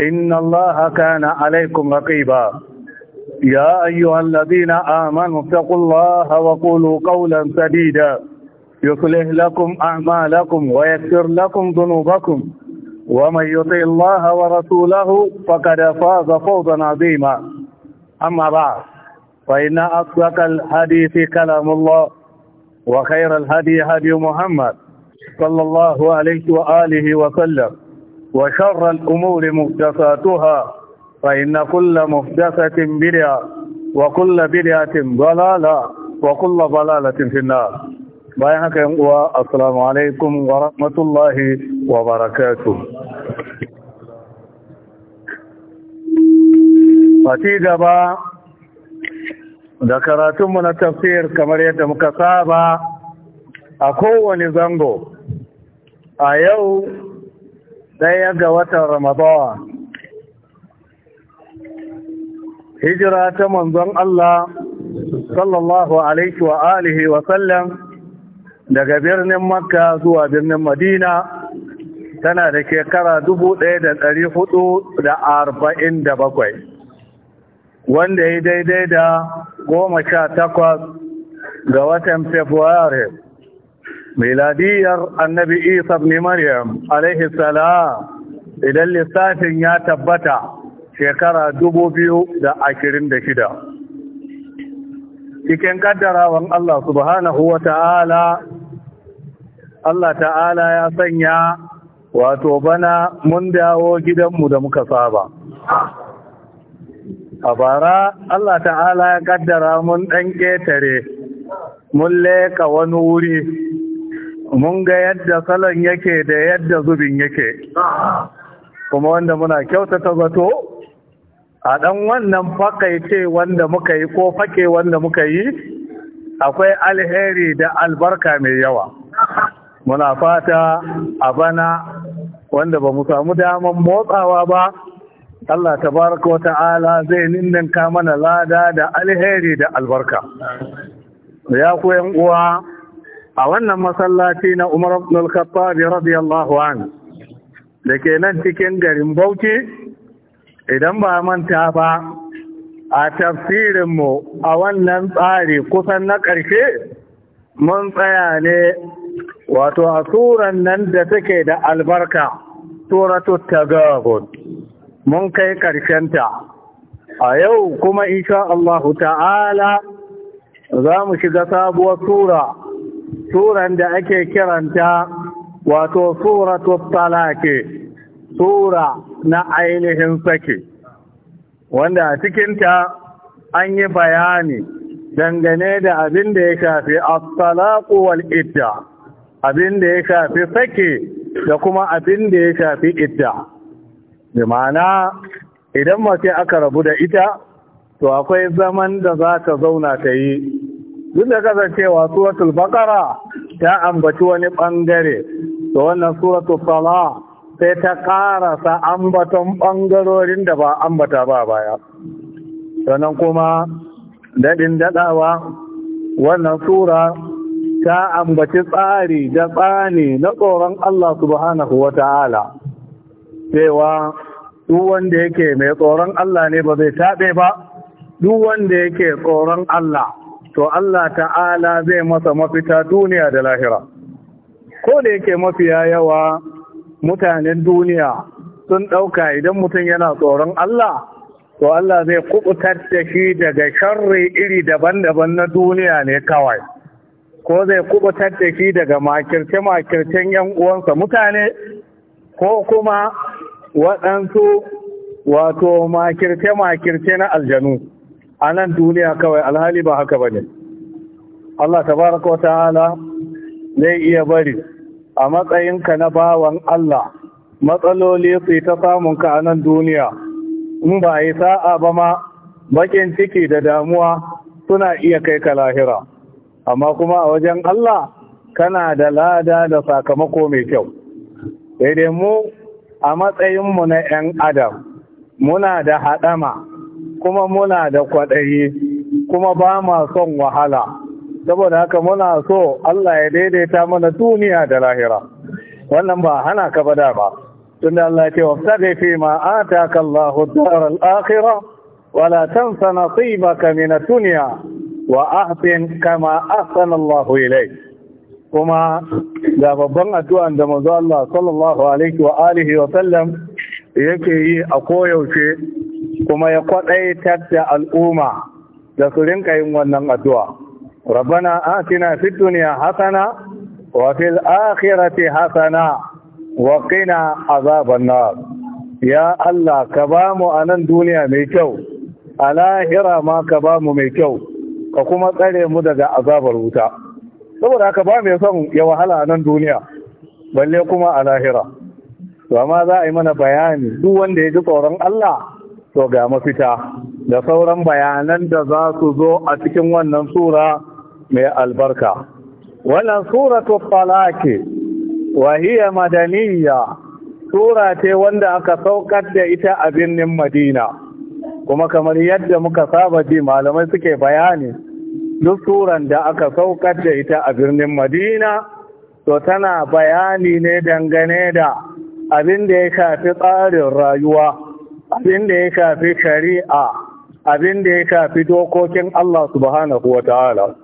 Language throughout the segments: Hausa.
إن الله كان عليكم رقيبا يا أيها الذين آمنوا اتقوا الله وقولوا قولا سديدا يصلح لكم أعمالكم ويكفر لكم ذنوبكم ومن يطع الله ورسوله فقد فاز فوزا عظيما أما بعد فإن أصدق الحديث كلام الله وخير الهدي هدي محمد صلى الله عليه وآله وسلم وشر الأمور مهدساتها فإن كل مهدسة بدعة وكل بدعة ضلالة وكل ضلالة في النار بينك السلام عليكم ورحمة الله وبركاته فتيجة با ذكراتم من التفسير كمرية مكسابة yadda muka أيو a ɗaya ga watan Ramadawa. Hijira ta manzon Allah, sallallahu Alaihi wa alihi wa sallam, daga birnin Makka zuwa birnin Madina, tana da shekara bakwai, wanda ya daidai da goma sha takwas ga watan Februari. miladiyar annabi isa ibn maryam alaihi salam idan lissafin ya tabbata shekara dubu shida. cikin kaddarawan Allah subhanahu wa ta'ala Allah ta'ala ya sanya wato bana mun dawo gidanmu da muka saba a bara Allah ta'ala ya kaddara mun ɗan ƙetare mun leka wani wuri mun ga yadda salon yake da yadda zubin yake kuma wanda muna kyautata zato a ɗan wannan fakaice wanda muka yi ko fake wanda muka yi akwai alheri da albarka mai yawa muna fata a bana wanda ba mu samu daman motsawa ba Allah tabaraka wa ta'ala zai ninninka mana lada da alheri da albarka ya ku uwa a wannan masallaci na Umar ibn al-Khattab radiyallahu an da ke nan cikin garin Bauchi idan ba manta ba a tafsirinmu a wannan tsari kusan na ƙarshe mun tsaya ne wato a suran nan da take da albarka suratu tagabun mun kai ta. a yau kuma insha Allah ta'ala za mu shiga sabuwar sura suran da ake kiranta wato suratu talaki sura na ainihin sake wanda a cikinta an yi bayani dangane da abin da ya shafi at wal idda abin da ya shafi sake da kuma abin da ya shafi idda da ma'ana idan mace aka rabu da ita to akwai zaman da za ta zauna ta yi duk da kasancewa suratul bakara ta ambaci wani bangare to wannan suratul sala sai ta karasa ambaton bangarorin da ba ambata ba baya sannan kuma daɗin dadawa wannan sura ta ambaci tsari da tsani na tsoron Allah subhanahu wa cewa duk wanda yake mai tsoron Allah ne ba zai taɓe ba duk wanda yake tsoron Allah to Allah ta'ala zai masa mafita duniya da lahira ko da yake mafiya yawa mutanen duniya sun ɗauka idan mutum yana tsoron Allah to Allah zai kubutar da shi daga sharri iri daban-daban na duniya ne kawai ko zai kubutar da shi daga makirce-makircen yan uwansa mutane ko kuma waɗansu wato makirce-makirce na aljanu a nan duniya kawai alhali ba haka ba ne Allah tabaraka wa ta'ala zai iya bari a matsayinka na bawan Allah matsaloli su ta samun a nan duniya in ba a yi sa'a ba ma bakin ciki da damuwa suna iya kai ka lahira amma kuma a wajen Allah kana da lada da sakamako mai kyau daidai mu a matsayinmu na 'yan adam muna da haɗama kuma muna da kwaɗayi kuma ba ma son wahala saboda haka muna so Allah ya daidaita mana duniya da lahira wannan ba hana ka bada ba tunda Allah ce wabtaghi fi ma ataka Allahu ad-dar al-akhirah wa la tansa nasibaka min ad-dunya wa ahsin kama a Allahu ilayk kuma da babban addu'an da manzo Allah sallallahu alaihi wa alihi wa sallam yake yi a koyaushe kuma ya kwaɗaitar da al'umma da su rinka yin wannan addu'a rabbana atina fid duniya hasana wa fil akhirati hasana wa qina azaban nar ya Allah ka ba mu a nan duniya mai kyau a lahira ma ka ba mu mai kyau ka kuma tsare mu daga azabar wuta saboda ka ba mai son ya wahala a nan duniya balle kuma a lahira to amma za a yi mana bayani duk wanda ya ji tsoron Allah to ga mafita da sauran bayanan da za su zo a cikin wannan sura mai albarka wannan suratu falaki wa hiya madaniya sura ce wanda aka saukar da ita a birnin madina kuma kamar yadda muka saba ji malamai suke bayani duk suran da aka saukar da ita a birnin madina to tana bayani ne dangane da abin da ya shafi tsarin rayuwa abin da ya shafi shari'a abin da ya shafi dokokin Allah subhanahu wa ta'ala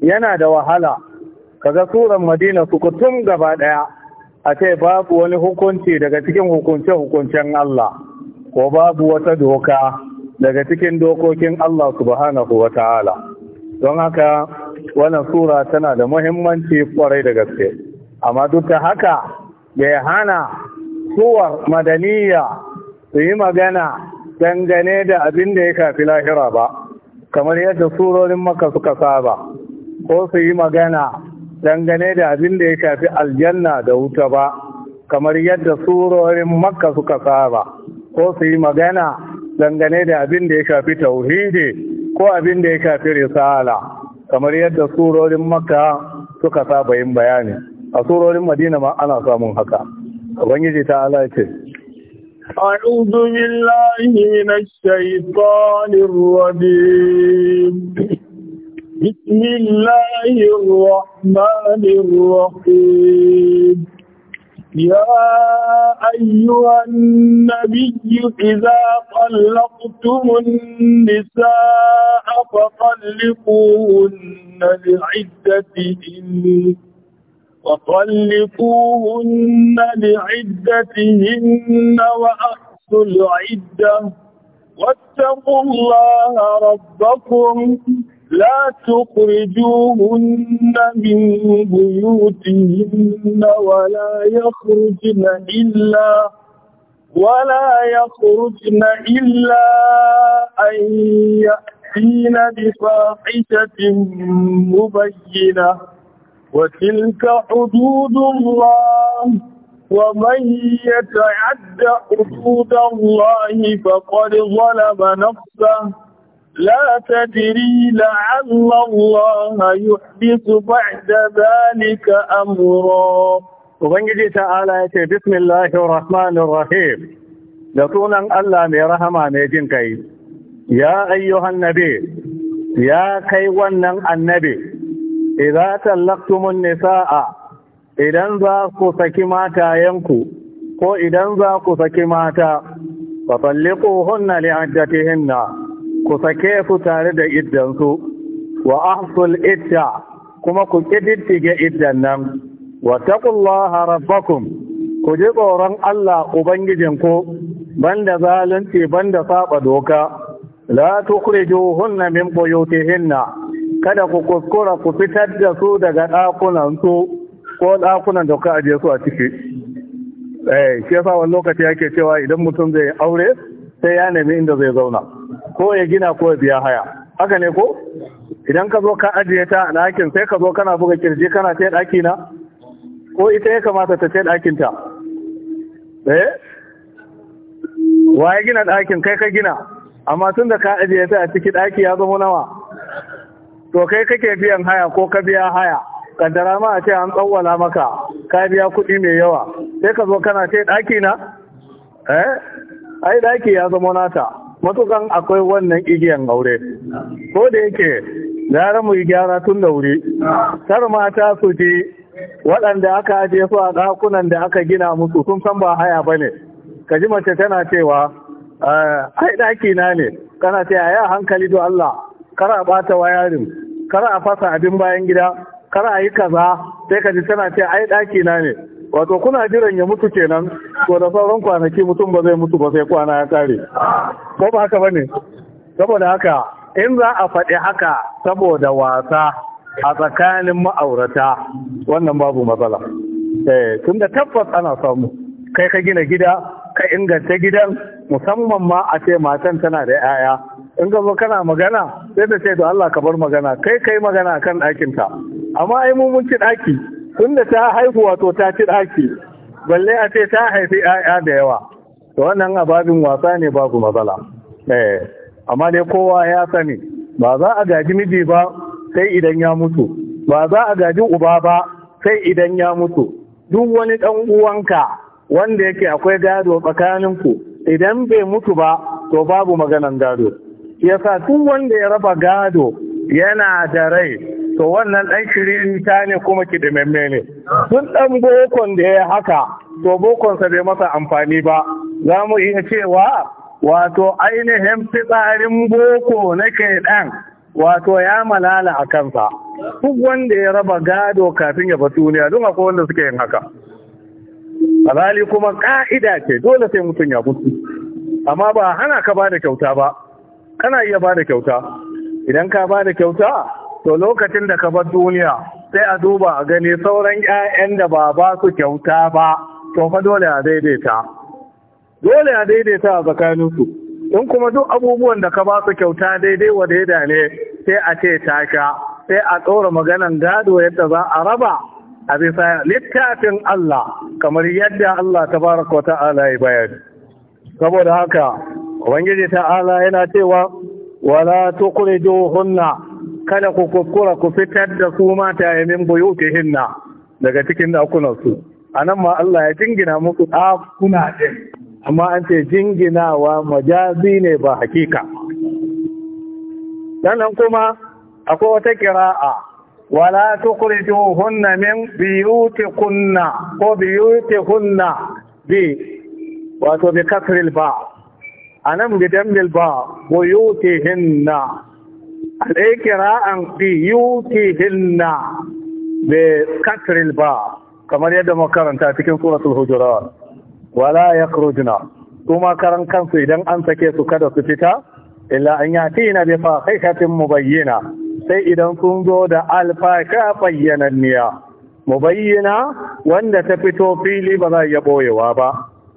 yana da wahala kaga suran madina su tun gaba daya a ce babu wani hukunci daga cikin hukunce-hukuncen Allah ko babu wata doka daga cikin dokokin Allah subhanahu wa ta'ala don haka wani sura tana da muhimmanci kwarai da gaske amma duk da haka ya hana suwar madaniya su yi magana dangane da abin da ya kafi lahira ba kamar yadda surorin maka suka saba ko su yi magana dangane da abin da ya kafi aljanna da wuta ba kamar yadda surorin makka suka saba ko su yi magana dangane da abin da ya shafi tauhidi ko abin da ya shafi risala kamar yadda surorin makka suka saba yin bayani a surorin madina ma ana samun haka ubangiji ta ala ce أعوذ بالله من الشيطان الرجيم بسم الله الرحمن الرحيم يا أيها النبي إذا طلقتم النساء فطلقوهن لعدتهن وطلقوهن لعدتهن وأحسوا العدة واتقوا الله ربكم لا تخرجوهن من بيوتهن ولا يخرجن إلا ولا يخرجن إلا أن يأتين بفاحشة مبينة وتلك حدود الله ومن يتعد حدود الله فقد ظلم نفسه لا تدري لعل الله يحدث بعد ذلك أمرا Ubangiji ta'ala ya ce, "Bismillahi rahman Rahim, da sunan Allah mai rahama mai jin kai, ya ayyuhan nabi, ya kai wannan annabi, idza tallaktumun nisaa idan za ku saki matayenku ko idan za ku saki mata fa talliquhunna hinna ku sake su tare da iddansu wa ahsul idda kuma ku kididdige iddan nan wa taqullaha rabbakum ku ji tsoron Allah ubangijinku banda zalunci banda saba doka la tukhrijuhunna min buyutihinna kada ku kuskura ku fitar da su daga ɗakunan su ko ɗakunan da ku ajiye su a ciki eh shi yasa wani lokaci yake cewa idan mutum zai aure sai ya nemi inda zai zauna ko ya gina ko ya biya haya haka ne ko idan ka zo ka ajiye ta a ɗakin sai ka zo kana buga kirji kana ce ɗaki na ko ita ya kamata ta ce ɗakin ta eh wa ya gina ɗakin kai ka gina amma tun da ka ajiye ta a ciki ɗaki ya zama nawa to kai kake biyan haya ko ka biya haya kaddara ma a ce an tsawwala maka ka biya kuɗi mai yawa sai ka zo kana ce ɗaki na eh ai ɗaki ya zama nata matukan akwai wannan igiyan aure ko da yake gara mu yi gyara tun da wuri tar mata su ji waɗanda aka ajiye su a ɗakunan da aka gina musu sun san ba haya ba ne ka ji mace tana cewa eh, ai ɗaki na ne kana ce a hankali do Allah kar a bata wayarin kar a fasa abin bayan gida kar a yi kaza sai ka ji tana ce ai daki na ne wato kuna jiran ya mutu kenan to da sauran kwanaki mutum ba zai mutu ba sai kwana ya kare ko ba haka bane saboda haka in za a faɗi haka saboda wasa a tsakanin ma'aurata wannan babu matsala eh tunda tabbas ana samu kai ka gina gida ka inganta gidan musamman ma a ce matan tana da 'ya'ya in gaba kana magana sai ta ce to Allah ka bar magana kai kai magana kan ɗakinta amma ai mu mun ci ɗaki tunda ta haihu wato ta ci ɗaki balle a ce ta haifi ‘ya'ya da yawa to wannan ababin wasa ne babu matsala eh amma dai kowa ya sani ba za a gaji miji ba sai idan ya mutu ba za a gaji uba ba sai idan ya mutu duk wani ɗan uwanka wanda yake akwai gado tsakaninku idan bai mutu ba to babu maganan gado Ya sa duk wanda ya raba gado yana da rai to wannan ɗan shiririta ne kuma kidimemme ne sun ɗan bokon da ya haka to bokonsa bai masa amfani ba za mu iya cewa wato ainihin fitsarin boko na ɗan wato ya malala a kansa duk wanda ya raba gado kafin ya batu ne don akwai wanda suke yin haka alhali kuma ka'ida ce dole sai mutum ya mutu amma ba hana ka ba da kyauta ba kana iya ba da kyauta idan ka ba da kyauta to lokacin da ka bar duniya sai a duba a gani sauran 'ya'yan da ba ba su kyauta ba to fa dole a daidaita dole a daidaita a tsakaninsu in kuma duk abubuwan da ka ba su kyauta daidai wa daida ne sai a ce tasha sai a tsora maganan gado yadda za a raba a bisa littafin Allah kamar yadda Allah tabaraka wa ta'ala ya bayani saboda haka ubangiji ta'ala yana cewa wala tukhrijuhunna kada ku kukura ku fitar da su mata min buyutihinna daga cikin dakunan su anan ma Allah ya jingina musu dakuna din amma an ce jinginawa majazi ne ba hakika sannan kuma akwai wata kira'a wala tukhrijuhunna min buyutikunna ko buyutihunna bi wato bi kasril ba a nan bidan milba ko yuti hinna a ɗaya kira'an fi yuti hinna Be katril ba kamar yadda makaranta cikin suratul hujurat wala yakhrujna kuma karan kansu idan an sake su kada su fita illa an na bi mu mubayyina sai idan sun zo da alfasha bayyananniya bayyana wanda ta fito fili ba za ya boyewa ba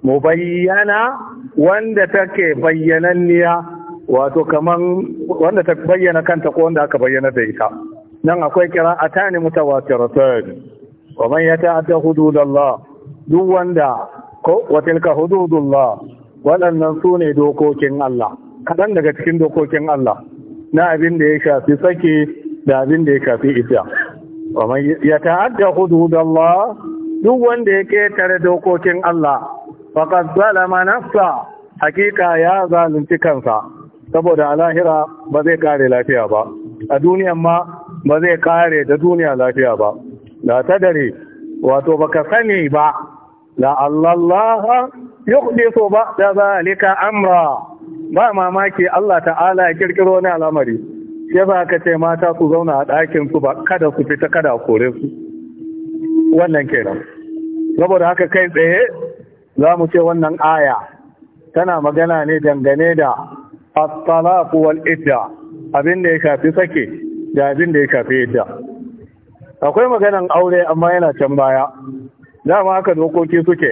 Mu bayyana. wanda take bayyananniya wato kaman wanda ta bayyana kanta ko wanda aka bayyana da ita nan akwai qira'atani mutawatiratan wa man yata'adda hududallah duk wanda ko wa tilka hududullah waɗannan su ne dokokin Allah kaɗan daga cikin dokokin Allah na abin da ya shafi sake da abin da ya shafi ita, wa man yata'adda hududallah duk wanda ya ketare dokokin Allah faqad zalama nafsa hakika ya zalunci kansa saboda a lahira ba zai kare lafiya ba a duniyan ma ba zai kare da duniya lafiya ba Da ta dare, wato ba ka sani ba la allallaha so ba da zalika amra ba mamaki Allah ta'ala ya kirkiro ne al'amari Ya ba ka ce mata su zauna a ɗakin su ba kada su fita kada kore su wannan kenan saboda haka kai tsaye za mu ce wannan aya tana magana ne dangane da as wal’idda idda abin da ya shafi sake da abin da ya shafi idda akwai maganan aure amma yana can baya dama haka dokoki suke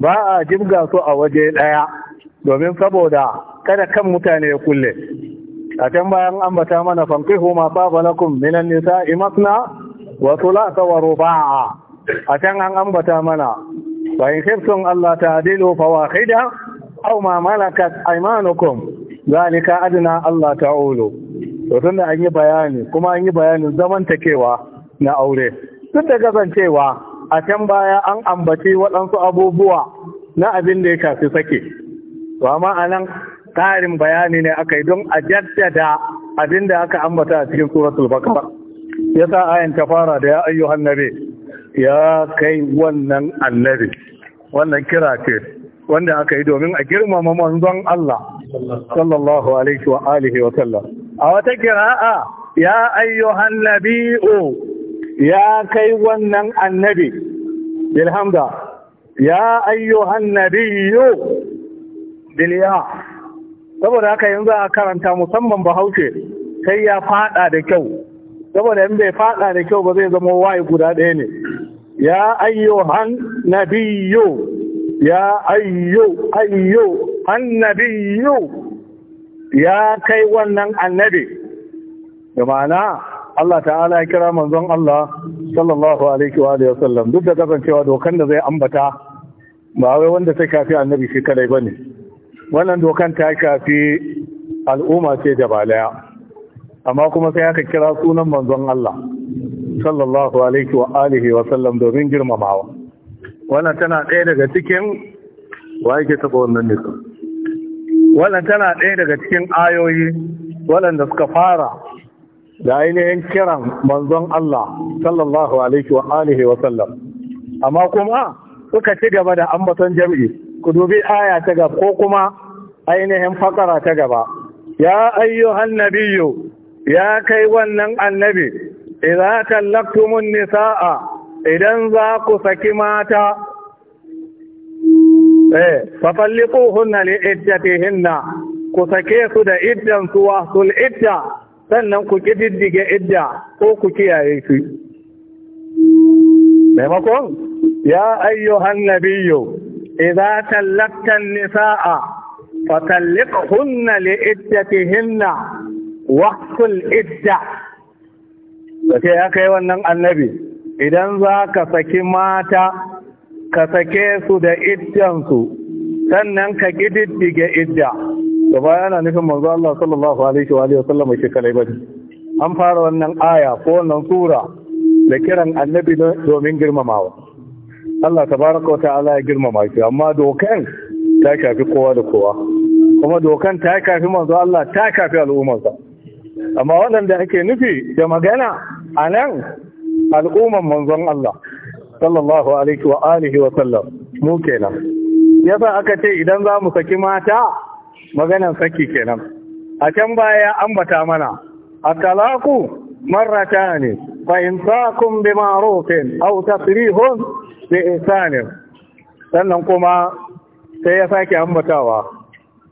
ba a jibga su a waje ɗaya, domin saboda kada kan mutane ya kulle a can bayan ambata mana fankihu ma saba minan nisa, imasna wasu thulatha wa a can an ambata mana Wa in ke Allah ta zai nufa wa kaida? Za zalika yi adana Allah ta'olo? Sautar da an yi bayani. Kuma an yi bayanin zamanta kewa na aure. Duk da kasancewa a can baya an ambaci waɗansu abubuwa na abin da ya kasu sake. Wa anan karin bayani ne a don a jaddada abin da aka ambata a cikin suratul bakawa. yasa sa a'yan tafara da ya ayyo hannabi. ya kai wannan annabi wannan kira ce wanda aka yi domin a girmama manzon Allah sallallahu alaihi wa alihi wa sallam a wata kira'a ya ayyuhan nabi'u ya kai wannan annabi bilhamda ya ayyuhan nabi'u bilya saboda haka yanzu a karanta musamman bahaushe sai ya fada da kyau saboda in bai fada da kyau ba zai zama waye guda ɗaya ne ya أيها النبي يا أيها أيها النبي يا كيوانا النبي بمعنى Allah ta'ala ya kira manzon Allah sallallahu alaihi wa alihi duk da kasancewa dokan da zai ambata ba wai wanda ta kafi annabi shi kadai bane wannan dokan ta kafi al'umma ce da balaya amma kuma sai aka kira sunan manzon Allah sallallahu alaihi wa alihi wa sallam domin girmamawa wannan tana ɗaya daga cikin wa yake taɓa wannan ne wannan tana ɗaya daga cikin ayoyi waɗanda suka fara da ainihin kiran manzon Allah sallallahu alaihi wa alihi wa sallam amma kuma suka ci gaba da ambaton jam'i ku dubi aya ta gaba ko kuma ainihin fakara ta gaba ya ayyuhan nabiyyu ya kai wannan annabi idza tallaqtumun nisaa idan za ku saki mata eh fa talliquhunna li hinna, ku sake su da iddan su sul idda sannan ku diddige idda ko ku kiyaye su maimakon ya ayyuhan nabiyyu idza tallaqtan nisaa fa talliquhunna li hinna, wa sul idda ce ya kai wannan annabi idan za ka saki mata ka sake su da iddansu sannan ka ƙididdige idda da baya na nufin manzo Allah sallallahu alaihi wa sallam shi kalai ba. an fara wannan aya ko wannan sura da kiran annabi domin girmamawa Allah tabaraka wa ta'ala ya girmama shi amma dokan ta shafi kowa da kowa kuma dokan ta shafi manzo Allah ta shafi al'ummarsa amma waɗanda ake nufi da magana a nan al'umman manzon Allah sallallahu alaihi wa alihi wa sallam mu kenan yasa aka ce idan za mu saki mata maganan saki kenan a can baya ambata mana at-talaqu marratan fa imsakum bi ma'rufin aw tasrihun bi ihsan sannan kuma sai ya sake ambatawa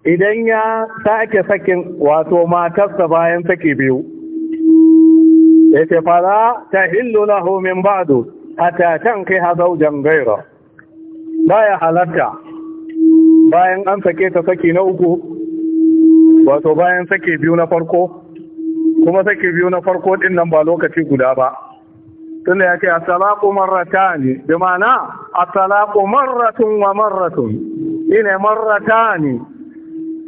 idan ya sake sakin wato matarsa bayan saki biyu yake fara ta hillu lahu min ba'du hatta tankiha zawjan ghayra baya halatta bayan an sake ta saki na uku wato bayan sake biyu na farko kuma sake biyu na farko din nan ba lokaci guda ba tunda yake as-salaqu marratan bi ma'ana as marratun wa marratun ina marratan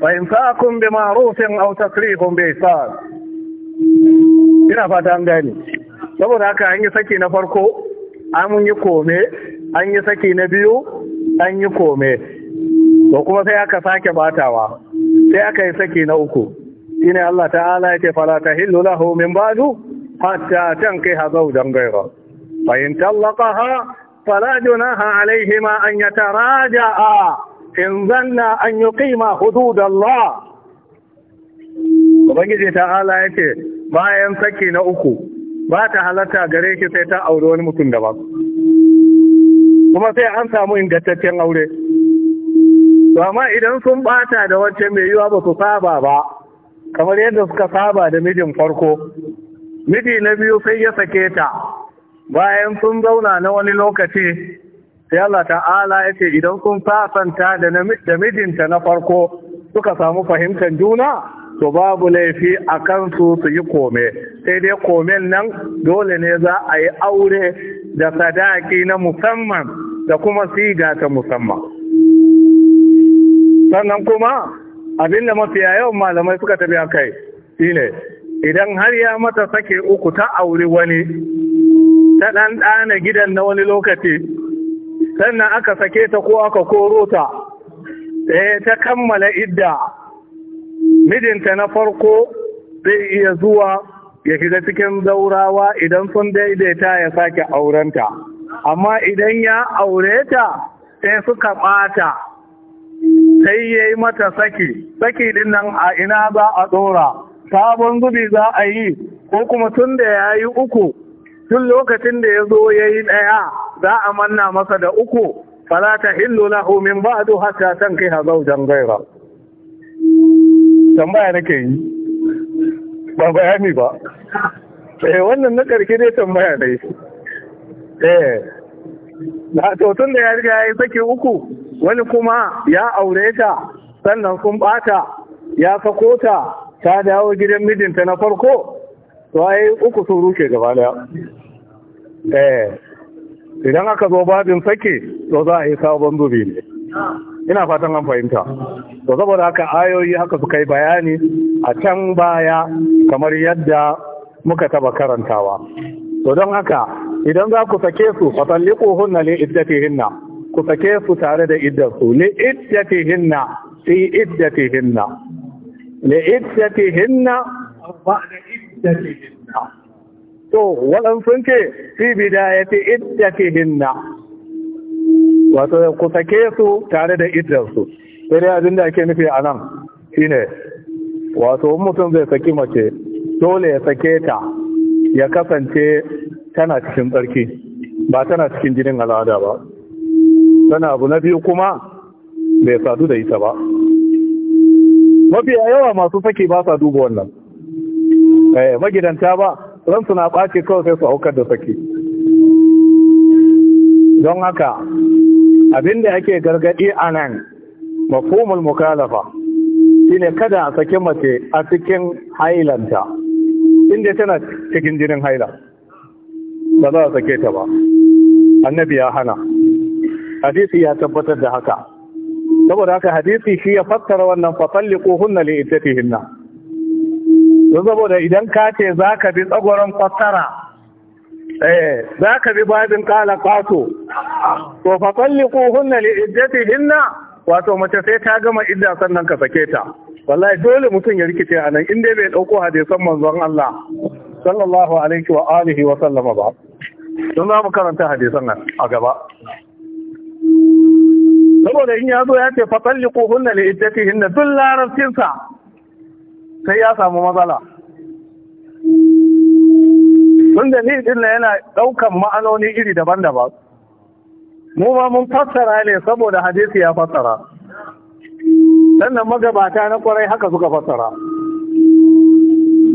fa imsakun bi ma'rufin aw takrihum bi isar ina fata an gane saboda haka an yi saki na farko an yi kome an yi saki na biyu an yi kome to kuma sai aka sake batawa sai aka yi saki na uku shine Allah ta'ala yake fala tahillu lahu min ba'du hatta tankiha zawjan ghayra fa in talaqaha فلا جناح عليهما أن يتراجعا إن ظنا أن يقيما حدود الله وبنجي تعالى bayan saki na uku ba ta halatta gare shi sai ta aure wani mutum daban kuma sai an samu ingantaccen aure to amma idan sun bata da wacce mai yiwa ba su saba ba kamar yadda suka saba da mijin farko miji na biyu sai ya sake ta bayan sun zauna na wani lokaci sai Allah ta'ala ya ce idan sun fasanta da mijinta na farko suka samu fahimtar juna to babu laifi a kansu su yi kome sai dai komen nan dole ne za a yi aure da sadaki na musamman da kuma siga ta musamman sannan kuma abinda da mafiya yawan malamai suka tafi a kai shine idan har ya mata sake uku ta auri wani ta ɗan ɗana gidan na wani lokaci sannan aka sake ta ko aka korota ta eh, ta kammala idda mijinta na farko zai iya zuwa ya shiga cikin zaurawa idan sun daidaita ya sake aurenta amma idan ya aureta sai suka ɓata sai ya yi mata saki saki din nan a ina za a tsora? sabon zubi za a yi ko kuma tun da ya yi uku tun lokacin da ya zo ya yi ɗaya za a manna masa da uku fala ta hillu lahu min ba'du hatta kai hazau jangaira tambaya na kai ba bayani ba eh wannan na karke dai tambaya ne eh na to tun da ya riga ya sake uku wani kuma ya aure ta sannan sun bata ya sako ta ta dawo gidan mijinta na farko to ai uku sun rushe gaba daya eh idan aka zo babin sake to za a yi sabon zubi ne ina fatan an fahimta to saboda haka ayoyi haka suka yi bayani a can baya kamar yadda muka taba karantawa to don haka idan za ku sake su hunna li iddatihinna ku sake su tare da iddarsu li iddatihinna fi iddatihinna li iddatihinna ba'da iddatihinna to waɗansu ce fi bidayati iddatihinna wato ku sake su tare da iddarsu sai dai abin da ake nufi a nan shine wato mutum zai saki mace dole ya sake ta ya kasance tana cikin tsarki ba tana cikin jinin al'ada ba tana abu na biyu kuma bai sadu da ita ba mafiya yawa masu saki ba sa duba wannan eh magidanta ba ransu na ɓace kawai sai su aukar da saki don haka abinda yake gargadi a nan mafumul mukalafa shine kada a sake mace a cikin hailanta inda tana cikin jinin haila ba za a sake ta ba annabi ya hana hadisi ya tabbatar da haka saboda haka hadisi shi ya fassara wannan fasalliku hunna li iddatihinna saboda idan ka ce za ka bi tsagoron fassara eh za ka bi babin kala kato to fa talliquhunna li hinna wato mace sai ta gama idda sannan ka sake ta wallahi dole mutum ya rikice a nan inda bai dauko hadisan manzon Allah sallallahu alaihi wa alihi wa sallama ba don za mu karanta hadisan nan a gaba saboda in ya zo ya ce fatalliquhunna li iddatihinna duk larabcinsa sai ya samu matsala Tun da ni din yana ɗaukan ma'anoni iri daban-daban. Mu ma mun fassara ne saboda hadisi ya fassara. Sannan magabata na ƙwarai haka suka fassara.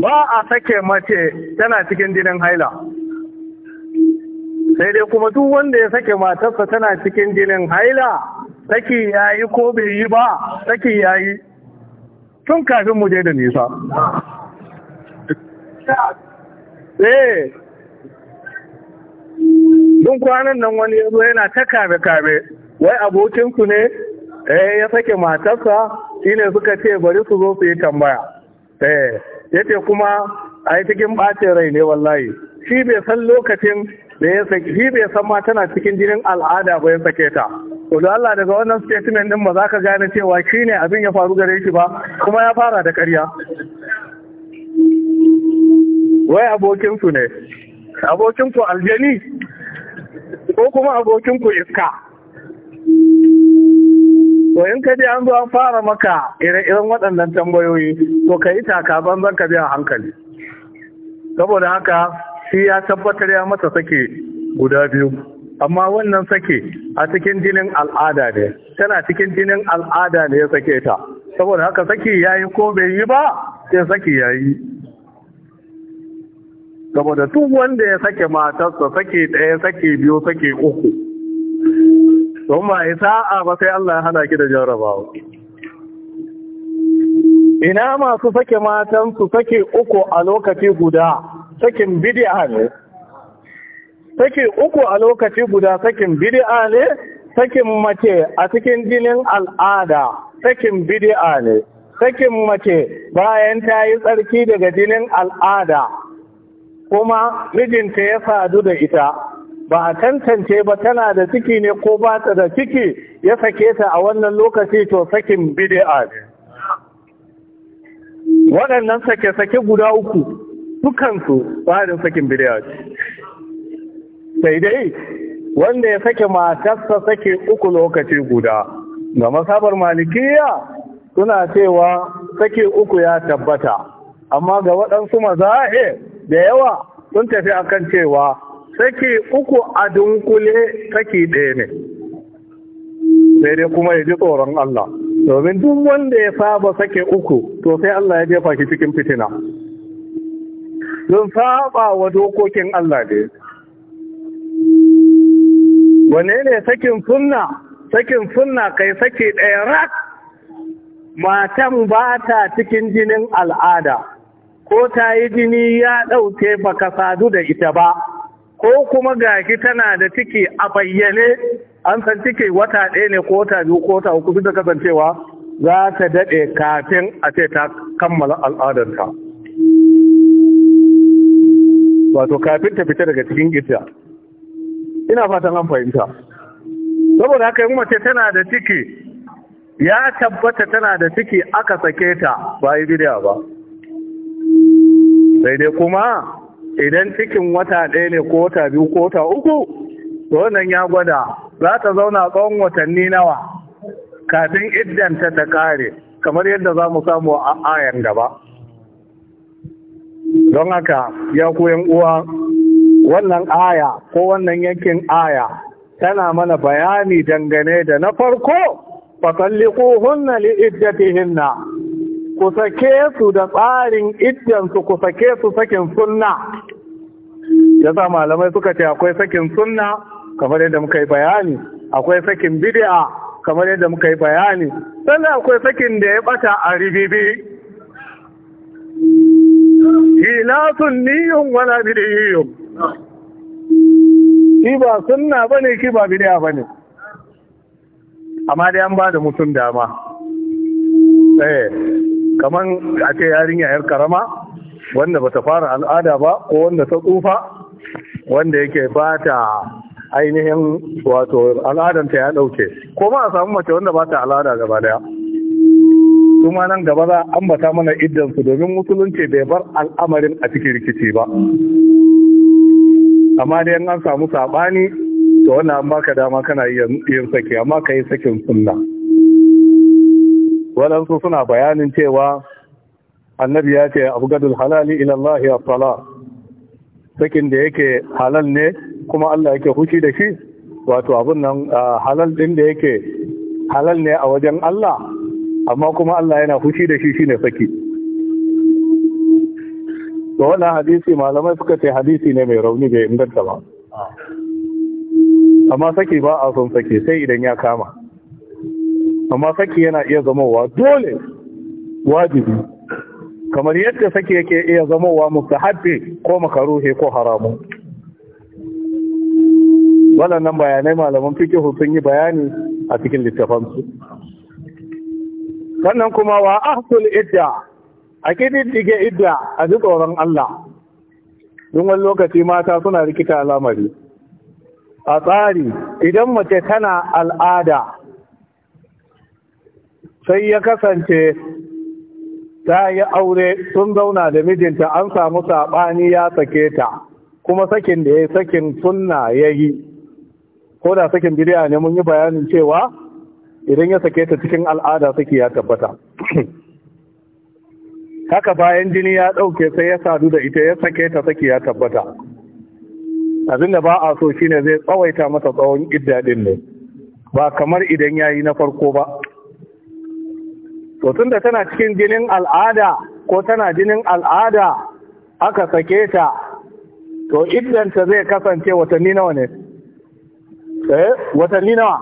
Ba a sake mace tana cikin jinin haila. Sai dai kuma duk wanda ya sake matarsa tana cikin jinin haila, saki ya yi ko bai yi ba, saki ya yi. Tun kafin mu je da nisa. eh dun kwanan nan wani yazo yana ta kame kame wai abokinku ne eh ya sake matarsa Shi ne suka ce bari su zo su yi tambaya eh yace kuma a yi cikin ɓace rai ne wallahi shi bai san lokacin da ya saki shi bai san ma tana cikin jinin al'ada ba ya sake ta Kudu Allah daga wannan statement ɗin ba za ka gane cewa shi ne abin ya faru gare shi ba kuma ya fara da karya. wai abokinsu ne abokinku aljani ko kuma abokinku iska to in ka an zo an fara maka ire-iren waɗannan tambayoyi to ka yi taka banzan ka biya hankali saboda haka shi ya tabbatar ya masa sake guda biyu amma wannan sake a cikin jinin al'ada ne tana cikin jinin al'ada ne ya sake ta saboda haka saki ya yi ko bai yi ba sai saki ya yi saboda duk wanda ya sake matarsa sake ɗaya sake biyu sake uku don ma sa'a ba sai Allah ya hana ki da jarrabawa ina masu sake matansu sake uku a lokaci guda sakin bid'a ne sake uku a lokaci guda sakin bid'a ne sakin mace a cikin jinin al'ada sakin bid'a ne sakin mace bayan ta yi tsarki daga jinin al'ada kuma mijinta ya sadu da ita ba a tantance ba tana da ciki ne ko ba ta da ciki ya sake ta a wannan lokaci to sakin bid'a ne waɗannan sake-sake guda uku dukansu ba da sakin bid'a ce sai dai wanda ya sake matarsa sake uku lokaci guda ga masabar malikiya suna cewa sake uku ya tabbata amma ga waɗansu maza'e da yawa sun tafi akan cewa saki uku a dunkule saki ɗaya ne sai dai kuma ya ji tsoron Allah domin duk wanda ya saba sake uku to sai Allah ya jefa shi cikin fitina don saba wa dokokin Allah ne wane ne sakin sunna sakin sunna kai sake ɗaya rak matan ba ta cikin jinin al'ada ko ta yi jini ya ɗauke baka sadu da ita ba ko kuma gashi tana da ciki a bayyane an san ciki wata ɗaya ne ko wata biyu ko wata uku da kasancewa za ta daɗe kafin a ce ta kammala al'adarta wato kafin ta fita daga cikin ita ina fatan an fahimta saboda haka yin mace tana da ciki ya tabbata tana da ciki aka sake ta ba yi bidiya ba sai dai kuma idan cikin wata ɗaya ne ko wata biyu ko wata uku to wannan ya gwada za ta zauna tsawon watanni nawa kafin iddanta ta ƙare, kamar yadda za mu samu a ayan gaba don haka ya koyan uwa wannan aya ko wannan yankin aya tana mana bayani dangane da na farko fatalliquhunna li iddatihinna ku sake su da tsarin ittiyansu ku sake su sakin sunna ya sa malamai suka ce akwai sakin sunna kamar yadda muka yi bayani akwai sakin bid'a kamar yadda muka yi bayani sannan akwai sakin da ya bata a ribibi ila sunniyun wala bid'iyyun shi ba sunna bane shi ba bid'a bane amma dai an ba da mutum dama eh kamar a ce yarinya yar karama wanda bata fara al'ada ba ko wanda ta tsufa wanda yake bata ainihin wato al'adanta ya ɗauke ko ma a samu mace wanda bata ta al'ada gaba daya kuma nan gaba za a ambata mana iddansu domin musulunci bai bar al'amarin a cikin rikici ba amma dai an samu saɓani to wannan an baka dama kana yin saki amma ka yi sakin sunna waɗansu suna bayanin cewa annabi ya ce Abu gadul halali ilallahi ya sala sakin da yake halal ne kuma Allah yake hushi da shi wato abun nan halal din da yake halal ne a wajen Allah amma kuma Allah yana hushi da shi shine saki to wannan hadisi malamai suka ce hadisi ne mai rauni bai inganta ba amma saki ba a son saki sai idan ya kama amma saki yana iya zamowa dole wajibi kamar yadda saki yake iya zamowa haɗe ko makaruhe ko haramun waɗannan bayanai malaman fiƙe sun yi bayani a cikin littafansu sannan kuma wa ahsul idda a ƙididdige idda a ji tsoron Allah yin wani lokaci mata suna rikita al'amari a tsari idan mace tana al'ada sai ya kasance ta yi aure sun zauna da mijinta an samu saɓani ya sake ta kuma sakin da ya sakin sunna ya yi ko da sakin bidiya ne mun yi bayanin cewa idan ya sake ta cikin al'ada saki ya tabbata haka bayan jini ya ɗauke sai ya sadu da ita ya sake ta saki ya tabbata abin da ba a so shine zai tsawaita masa tsawon idda ɗin ne ba kamar idan ya yi na farko ba to da tana cikin jinin al'ada ko tana jinin al'ada aka sake ta to iddanta zai kasance watanni nawa ne eh watanni nawa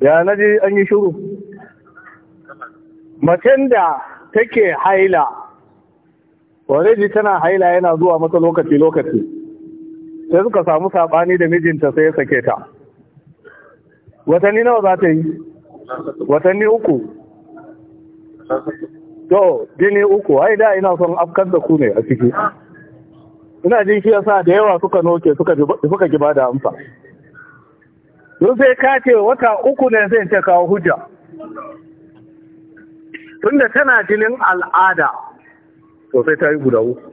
ya naji an yi shuru macen da take haila already tana haila yana zuwa masa lokaci lokaci sai suka samu sabani da mijinta sai ya sake ta watanni nawa za ta yi watanni uku to jini uku ai da ina son afkar da ku ne a ciki ina jin shi yasa da yawa suka noke suka suka giba da amsa don sai ka ce wata uku ne zai ta kawo hujja tunda tana jinin al'ada to sai ta yi guda uku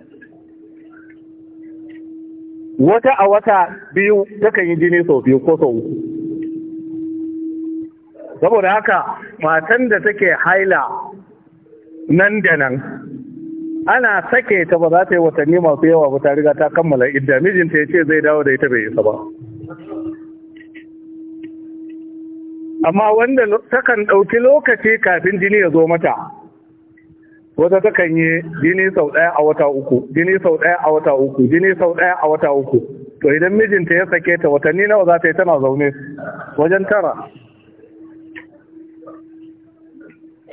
wata a wata biyu takan yi jini sau biyu ko sau uku saboda haka matan da take haila nan da nan ana sake ta ba za ta yi watanni masu yawa ba ta riga ta kammala idda mijinta ya ce zai dawo da ita bai isa ba amma wanda takan ɗauki lokaci kafin jini ya zo mata wata takan yi jini sau ɗaya a wata uku jini sau ɗaya a wata uku jini sau ɗaya a wata uku to idan mijinta ya sake ta watanni nawa za ta yi tana zaune wajen tara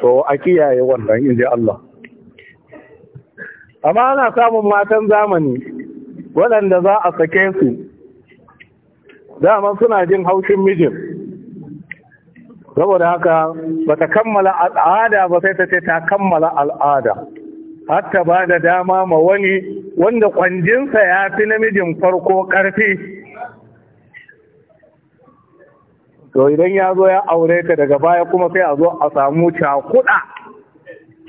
to a kiyaye wannan in ji Allah amma ana samun matan zamani waɗanda za a sake su dama suna jin haushin mijin saboda haka ba ta kammala al'ada ba sai ta ce ta kammala al'ada hatta ba da dama ma wani wanda kwanjinsa ya fi namijin farko ƙarfi to idan ya zo ya aure ka daga baya kuma sai a zo a samu cakuɗa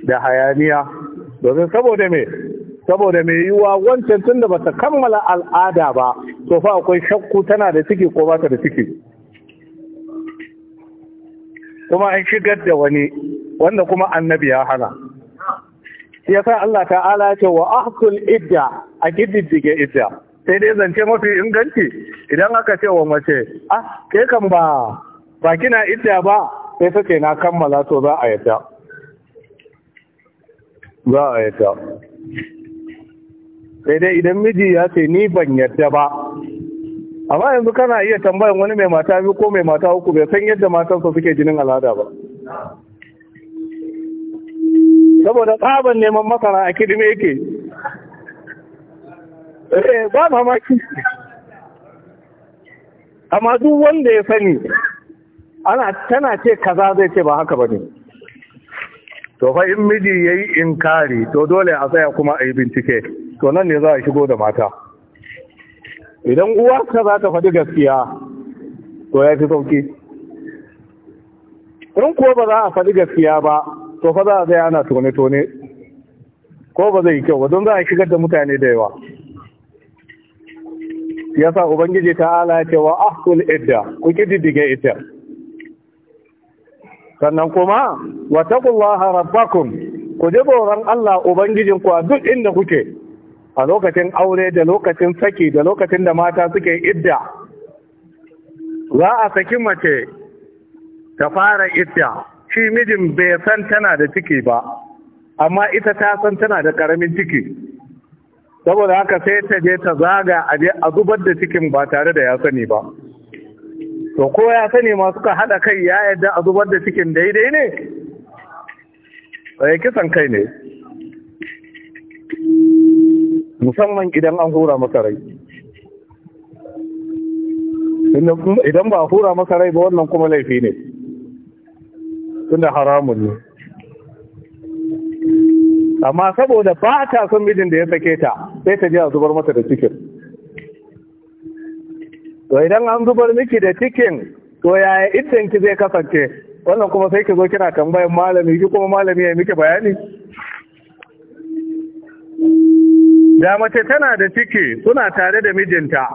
da hayaniya domin saboda me saboda mai yiwuwa wancan tun da bata kammala al'ada ba to fa akwai shakku tana da ciki ko bata da ciki kuma an shigar da wani wanda kuma annabi ya hana shi yasa Allah ta'ala Ya ce wa ahkul idda a kididdige idda sai dai zance mafi inganci idan aka ce wa mace ah ke kan ba ba kina idda ba sai ta ce na kammala to za a yadda za a yadda sai dai idan miji ya ce ni ban yadda ba amma yanzu kana iya tambayan wani mai mata biyu ko mai mata uku bai san yadda matansa suke jinin al'ada ba saboda tsaban neman masana a kidime yake eh ba mamaki amma duk wanda ya sani ana tana ce kaza zai ce ba haka bane to fa in miji yayi inkari to dole a tsaya kuma a yi bincike to nan ne za a shigo da mata idan uwa ka za ta faɗi gaskiya to ya fi sauki in kuwa ba za a faɗi gaskiya ba to fa za a zai ana tone-tone ko ba zai yi kyau ba don za a shigar da mutane da yawa yasa ubangiji ta ce wa ahkul idda ku kididdige ita sannan kuma wa taqullaha rabbakum ku ji tsoron Allah ubangijin ku a duk inda kuke a lokacin aure da lokacin saki da lokacin da mata suke idda za a saki mace ta fara idda shi mijin bai san tana da ciki ba amma ita ta san tana da karamin ciki saboda haka sai ta je ta zaga a a zubar da cikin ba tare da ya sani ba to ko ya sani ma suka haɗa kai ya yadda a zubar da cikin daidai ne sai eh, kisan kai ne musamman idan an hura masa rai idan ba hura masa rai ba wannan kuma laifi ne tunda haramun ne amma saboda ba ta son mijin da ya sake ta sai ta je zubar mata da cikin to idan an zubar miki da cikin to yaya idan ki zai kasance wannan kuma sai ki zo kina tambayan malami ki kuma malami ya miki bayani da mace tana da ciki suna tare da mijinta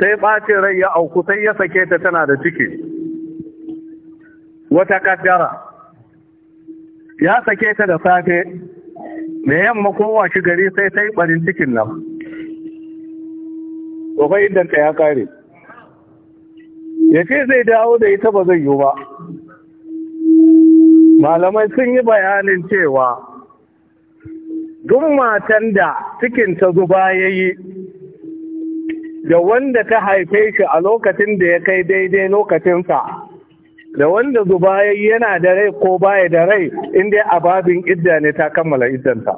sai ɓacin rai ya auku sai ya sake ta tana da ciki wata kaddara ya sake ta da safe da yamma kowa shi gari sai ta yi barin cikin nan gobe idan ta ya kare ya ce zai dawo da ita ba zai yi ba malamai sun yi bayanin cewa duk matan da cikin ta zuba ya yi da wanda ta haife shi a lokacin da ya kai daidai lokacinsa da wanda zuba yana da rai ko baya da rai inda ababin idda ne ta kammala iddanta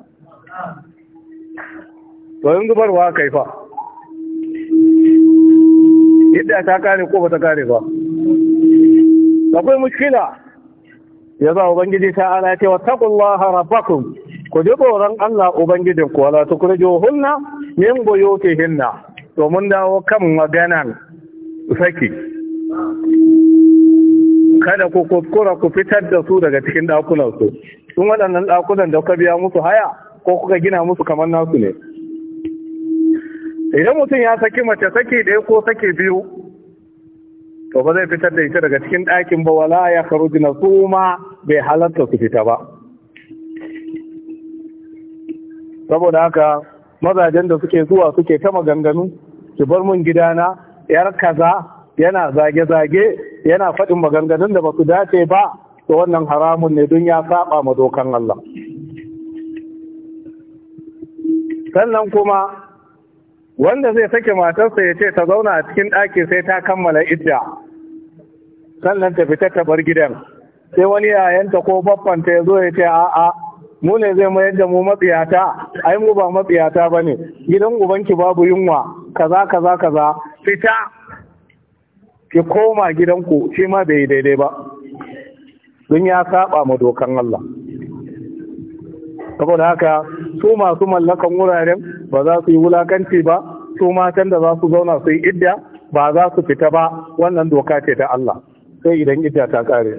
bayan zubarwa kai fa idda ta kare ko ba ta kare ba akwai mushkila ya za ubangiji ta ala ce wa taqullaha harafakun ku ji tsoron Allah ubangijin ku wala tukhrijuhunna min buyutihinna to mun dawo kan maganan saki kada ko kuskura ku fitar da su daga cikin ɗakunansu sun waɗannan ɗakunan da kuka biya musu haya ko kuka gina musu kamar nasu ne idan mutum ya saki mace saki ɗaya ko saki biyu to ba zai fitar da ita daga cikin ɗakin ba wala ya karu jina su ma bai halarta su fita ba saboda haka mazajen da suke zuwa suke ta maganganu ki bar mun gidana yar kaza yana zage-zage yana faɗin maganganun da ba su dace ba da wannan haramun ne don ya saba ma dokan Allah sannan kuma wanda zai sake matarsa ya ce ta zauna a cikin ɗaki sai ta kammala idda sannan ta fita ta bar gidan sai wani yayanta ko baffanta ya zo ya ce a'a mu ne zai mayar da mu matsiyata ai mu ba matsiyata ba ne gidan ubanki babu yunwa kaza kaza kaza fita Ki koma gidanku shi ma bai daidai ba don ya saba ma dokan Allah saboda haka su masu mallakan wuraren ba za su yi wulakanci ba su matan da za su zauna su yi idda ba za su fita ba wannan doka ce ta Allah sai idan idda ta kare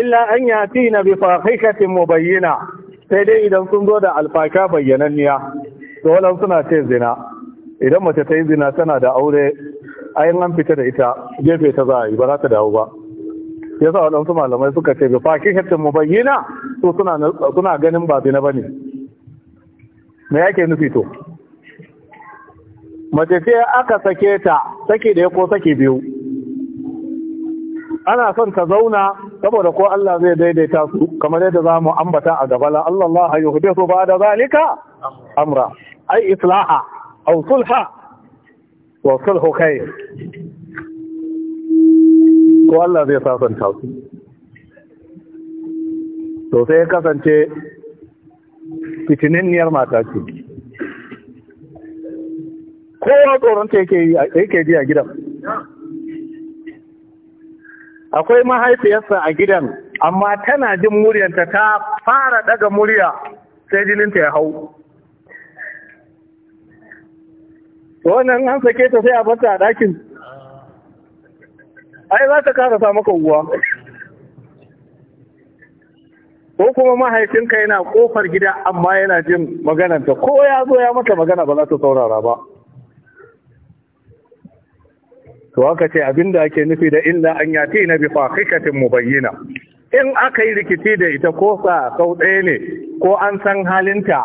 illa an yati na bi fahishatin mubayyana sai dai idan sun zo da alfaka bayyananniya to wannan suna ce zina idan mace ta yi zina tana da aure ayin an fita da ita gefe ta za a yi ba za ta dawo ba ya sa waɗansu malamai suka ce bi faƙi hattin mu bayyana su suna ganin ba zina ba ne me yake nufi to mace ce aka sake ta sake da ya ko sake biyu ana son ta zauna saboda ko Allah zai daidaita su kamar yadda za mu ambata a gaba la Allah Allah ya hudu ba da zalika amra ai islaha أو صلحا وصلح خير ko Allah zai sasanta su to sai ya kasance fitininniyar mata ce kowa tsoronta yake ji a gidan akwai mahaifiyarsa a gidan amma tana jin muryanta ta fara daga murya sai jininta ya hau wannan an sake ta sai a barta a ɗakin ai za ta kasa sa maka uwa ko kuma mahaifinka yana kofar gida amma yana jin magananta ko ya zo ya mata magana ba za ta saurara ba to aka ce abinda ake nufi da illa an yati na bi fahikatin bayyana in aka yi rikici da ita ko sa sau ɗaya ne ko an san halinta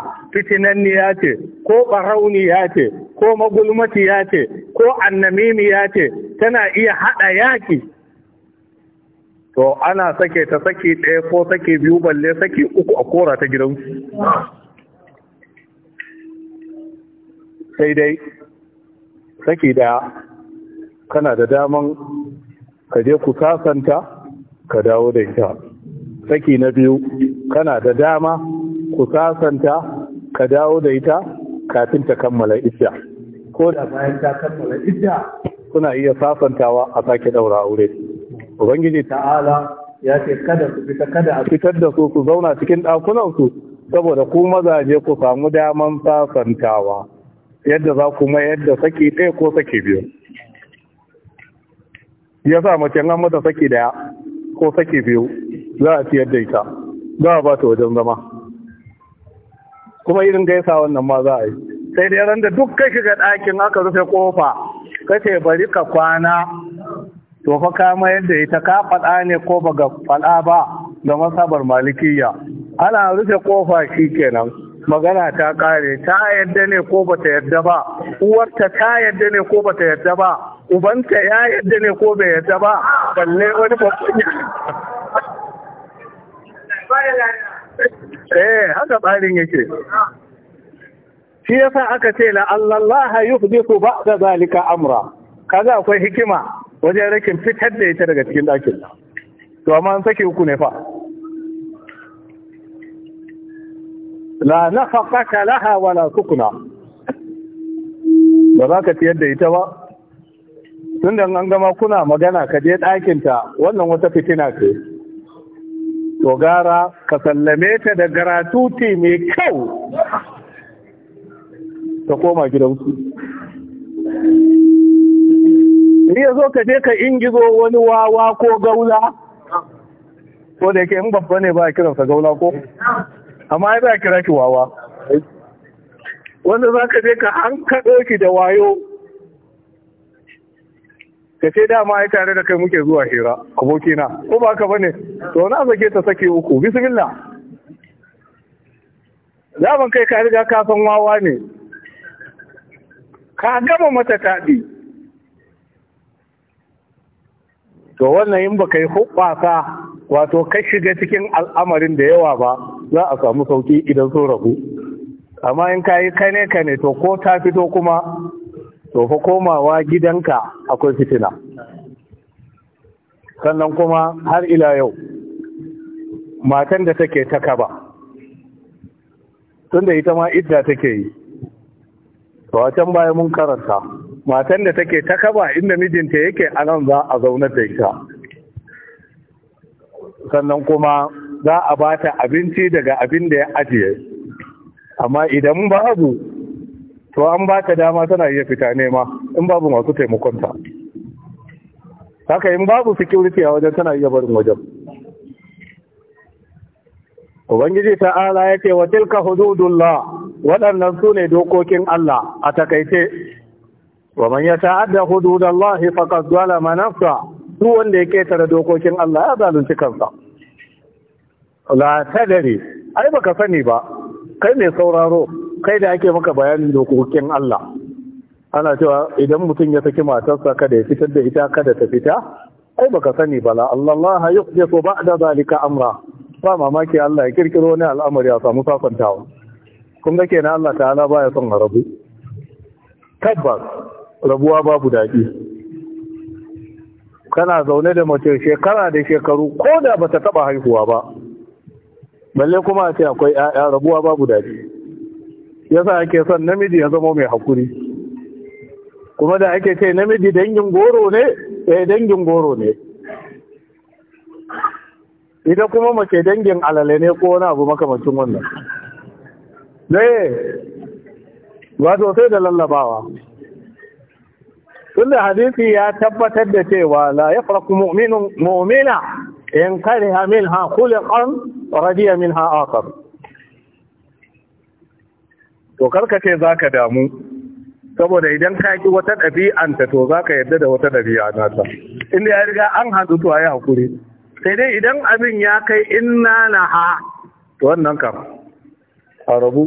ya ce ko ɓarauniya ce ko Magulmati ya ce ko ya ce tana iya haɗa yaƙi to ana sake ta sake ɗaya ko sake biyu balle sake uku a kora ta gidan sai dai sake da kana da daman ka je ku sasanta ka dawo da ita saki na biyu kana da dama ku sasanta ka dawo da ita kafin ta kammala idda ko da bayan ta kammala idda kuna iya safantawa a sake daura aure ubangiji ta'ala ya ce kada su fita kada a fitar da su ku zauna cikin ɗakunan su saboda ku mazaje ku samu daman safantawa yadda za ku mayar da saki ɗaya ko saki biyu ya sa mace an mata saki daya ko saki biyu za a ciyar da ita za a ba ta wajen zama kuma irin gaisa wannan ma za a yi sai da ran da duk kai shiga ɗakin aka rufe kofa ce bari ka kwana to fa ka mayar da ita ka faɗa ne ko ba ga faɗa ba ga masabar malikiya ana rufe ƙofa shi kenan magana ta kare ta yadda ne ko ba ta yadda ba uwarta ta yadda ne ko ba ta yadda ba ubanta ya yadda ne ko bai yadda ba balle wani babban eh haka tsarin yake shi yasa aka ce la allallaha yuhdithu ba'da zalika amra kaga akwai hikima wajen rakin fitar da ita daga cikin dakin to amma an sake uku ne fa la nafaqata laha wala sukuna ba za ka tiyar da ita ba tun da an gama kuna magana ka je ɗakinta wannan wata fitina ce to gara ka sallame ta da garatuti mai kyau ta koma gidansu ya zo ka je ka ingizo wani wawa ko gaula ko da yake in babba ne ba a kiransa gaula ko amma ya za a kira shi wawa wanda za ka je ka an kaɗo shi da wayo ka ce dama ai tare da kai muke zuwa hira abokina ko ba ka bane to na sake ta sake uku bismillah zaman kai ka riga ka wawa ne ka gama mata taɗi to wannan in ka yi hubbasa wato ka shiga cikin al'amarin da yawa ba za a samu sauki idan sun rabu amma in ka yi kane kane to ko ta fito kuma to fa komawa gidanka akwai fitina sannan kuma har ila yau matan da take ta kaba da ita ma idda take yi to baya mun karanta matan da take ta kaba inda mijinta yake a nan za a zaunar da ita sannan kuma za a bata abinci daga abin da ya ajiye amma idan babu to an ba ta dama tana iya fita nema in babu masu taimakonta haka in babu security a wajen tana iya barin wajen ubangiji ta'ala ya ce wa tilka hududullah waɗannan su ne dokokin Allah a takaice wa man ya ta'adda hududallahi faqad zalama nafsa duk wanda ya tare dokokin Allah ya zalunci kansa la tadari ai baka sani ba kai ne sauraro kai da ake maka bayanin dokokin Allah ana cewa idan mutum ya saki matarsa kada ya fitar da ita kada ta fita ai baka sani bala Allah ya yuhdisu ba'da zalika amra ba mamaki Allah ya kirkiro wani al'amari a samu safantawa kun ga kenan Allah ta'ala baya son rabu tabbas rabuwa babu daɗi kana zaune da mace shekara da shekaru ko da bata taɓa haihuwa ba balle kuma a ce akwai 'ya'ya rabuwa babu daɗi yasa ake son namiji ya zama mai hakuri kuma da ake ce namiji dangin goro ne eh dangin goro ne Ida kuma mace dangin alale ne ko wani abu makamacin wannan dai wato sai da lallabawa tunda hadisi ya tabbatar da cewa la yafraku mu'minun mu'mina in ha minha khulqan radiya ha akar to karka kai za ka damu saboda idan ka ki wata ɗabi'anta to za ka yadda da wata ɗabi'a nata inda ya riga an haɗu to a yi haƙuri sai dai idan abin ya kai inna na ha to wannan kam a rabu